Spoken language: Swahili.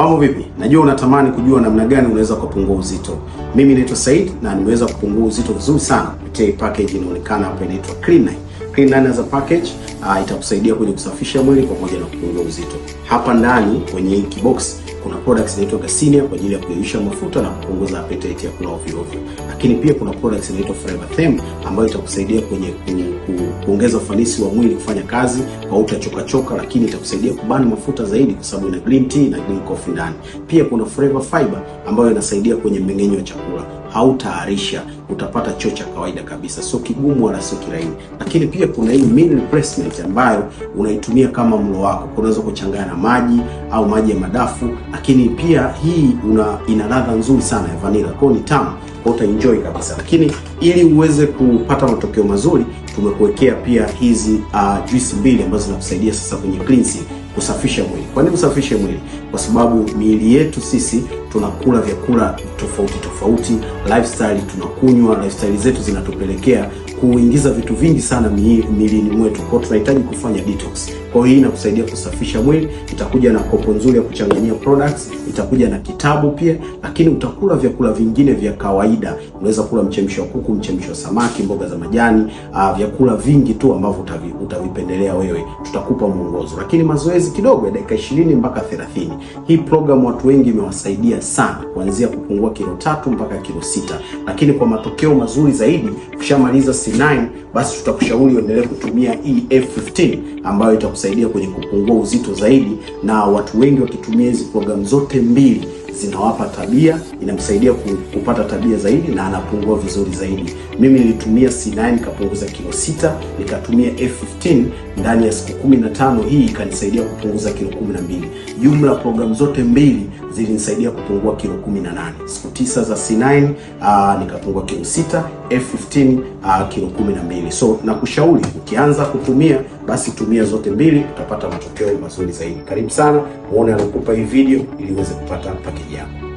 Mambo vipi? Najua unatamani kujua namna gani unaweza kupungua uzito. Mimi naitwa Said na nimeweza kupungua uzito vizuri sana kupitia package inaonekana hapa inaitwa Clean 9. Clean 9 as a package uh, itakusaidia kwenye kusafisha mwili pamoja na kupungua uzito. Hapa ndani kwenye hii box kuna products inaitwa Gasinia kwa ajili ya kuyeyusha mafuta na kupunguza appetite ya kula ovyo ovyo, lakini pia kuna products inaitwa Forever Therm ambayo itakusaidia kwenye, kuongeza ufanisi wa mwili kufanya kazi, kwa hautachoka choka, lakini itakusaidia kubana mafuta zaidi kwa sababu ina green tea na green coffee ndani. Pia kuna Forever Fiber ambayo inasaidia kwenye mmeng'enyo wa chakula hautaharisha, utapata choo cha kawaida kabisa, sio kigumu wala sio kilaini. Lakini pia kuna hii meal replacement ambayo unaitumia kama mlo wako, unaweza kuchanganya na maji au maji ya madafu, lakini pia hii una, ina ladha nzuri sana ya vanilla, kwao ni tamu, utaenjoy kabisa. Lakini ili uweze kupata matokeo mazuri, tumekuwekea pia hizi uh, juisi mbili ambazo zinakusaidia sasa kwenye cleansing kusafisha mwili. Kwa nini kusafisha mwili? Kwa sababu miili yetu sisi tunakula vyakula tofauti tofauti, lifestyle tunakunywa, lifestyle zetu zinatupelekea kuingiza vitu vingi sana mwilini mwetu, kwa tunahitaji kufanya detox. Kwa hiyo hii inakusaidia kusafisha mwili, itakuja na kopo nzuri ya kuchanganyia products, itakuja na kitabu pia, lakini utakula vyakula vingine vya kawaida. Unaweza kula mchemsho wa kuku, mchemsho wa samaki, mboga za majani, uh, vyakula vingi tu ambavyo utavi, utavipendelea wewe, tutakupa mwongozo. Lakini mazoezi kidogo ya dakika 20 mpaka 30. Hii program watu wengi imewasaidia sana, kuanzia kupungua kilo tatu mpaka kilo sita, lakini kwa matokeo mazuri zaidi ukishamaliza 69 basi tutakushauri uendelee kutumia EF15 ambayo itakusaidia kwenye kupungua uzito zaidi, na watu wengi wakitumia hizi programu zote mbili zinawapa tabia, inamsaidia kupata tabia zaidi na anapungua vizuri zaidi. Mimi nilitumia C9 nikapunguza kilo sita, nikatumia F15 ndani ya siku 15, hii ikanisaidia kupunguza kilo 12. Jumla programu zote mbili zilinisaidia kupungua kilo 18. Siku tisa za C9 ah, nikapungua kilo sita, F15 uh, ah, kilo 12. So nakushauri ukianza kutumia basi tumia zote mbili, utapata matokeo mazuri zaidi. Karibu sana, muone anakupa hii video ili uweze kupata pakeji yako.